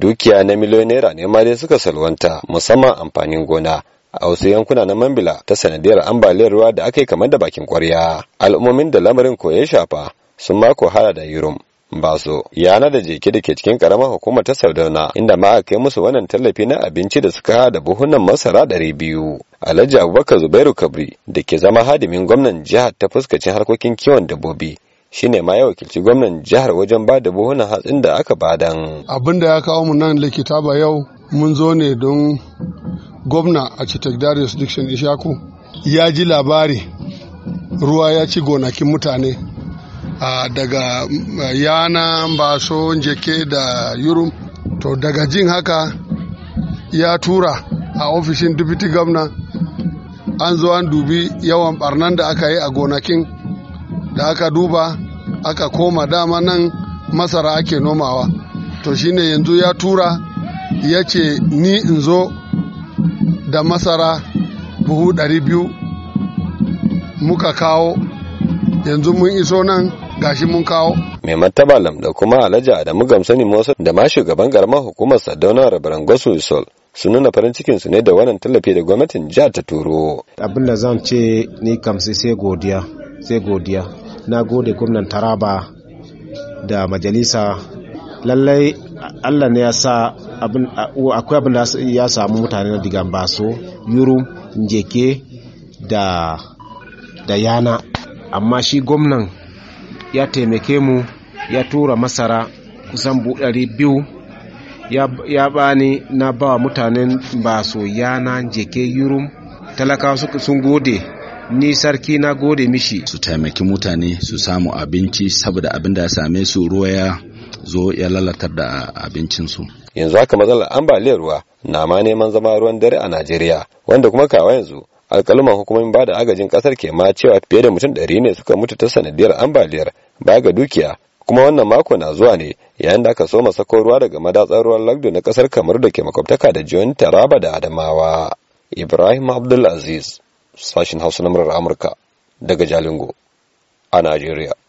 dukiya na miliyon naira ne ma dai suka salwanta musamman amfanin gona a wasu yankuna na mambila ta sanadiyar ambaliyar ruwa da aka yi kamar da bakin kwarya al'ummomin da lamarin ko ya shafa sun mako hala da yurum ba so. yana da jeki da ke cikin karamar hukumar ta saudauna inda ma aka kai musu wannan tallafi na abinci da suka da buhunan masara ɗari biyu alhaji abubakar zubairu kabri da ke zama hadimin gwamnan jihar ta fuskacin harkokin kiwon dabbobi shine ma ya wakilci gwamnan jihar wajen ba da buhunan hatsin da aka badan. Abin da ya kawo mu nan likita ba yau mun zo ne don gwamna a Chitek Darius Diction Ishaku ya ji labari ruwa ya ci gonakin mutane daga yana baso jeke da yurum to daga jin haka ya tura a ofishin deputy gwamna an zo an dubi yawan barnan da aka yi a gonakin da aka duba aka koma dama nan masara ake nomawa to shine yanzu ya tura ya ce ni in zo da masara buhu ɗari biyu muka kawo yanzu mun iso nan gashi mun kawo mai martaba lamda kuma alhaji adamu gamsani musa da ma shugaban garmar hukumar sardauna rabaran gosu isol sun nuna farin cikin su ne da wannan tallafi da gwamnatin jihar ta turo abinda zan ce ni kam sai godiya sai godiya na gode gwamnan taraba da majalisa lallai allah ne ya sa akwai abin da ya samu mutane na digan baso yuru njeke da da yana amma shi gwamnan ya taimake mu ya tura masara kusan buɗari biyu ya bani na ba mutanen baso yana jeke yurum talakawa sun gode ni sarki na gode mishi su taimaki mutane su samu abinci saboda abin da ya same su ruwa ya zo ya lalatar da abincinsu yanzu haka matsalar ambaliyar ruwa na ma neman zama ruwan dare a najeriya wanda kuma kawai yanzu alkaluman hukumomin bada agajin kasar ke ma cewa fiye da mutum ɗari ne suka mutu ta sanadiyar ambaliyar ba ga dukiya kuma wannan mako na zuwa ne yayin da aka so sako ruwa daga madatsar ruwan lagdo na kasar kamar da ke makwabtaka da jiyon taraba da adamawa ibrahim abdulaziz sashen hausa na murar amurka daga jalingo a najeriya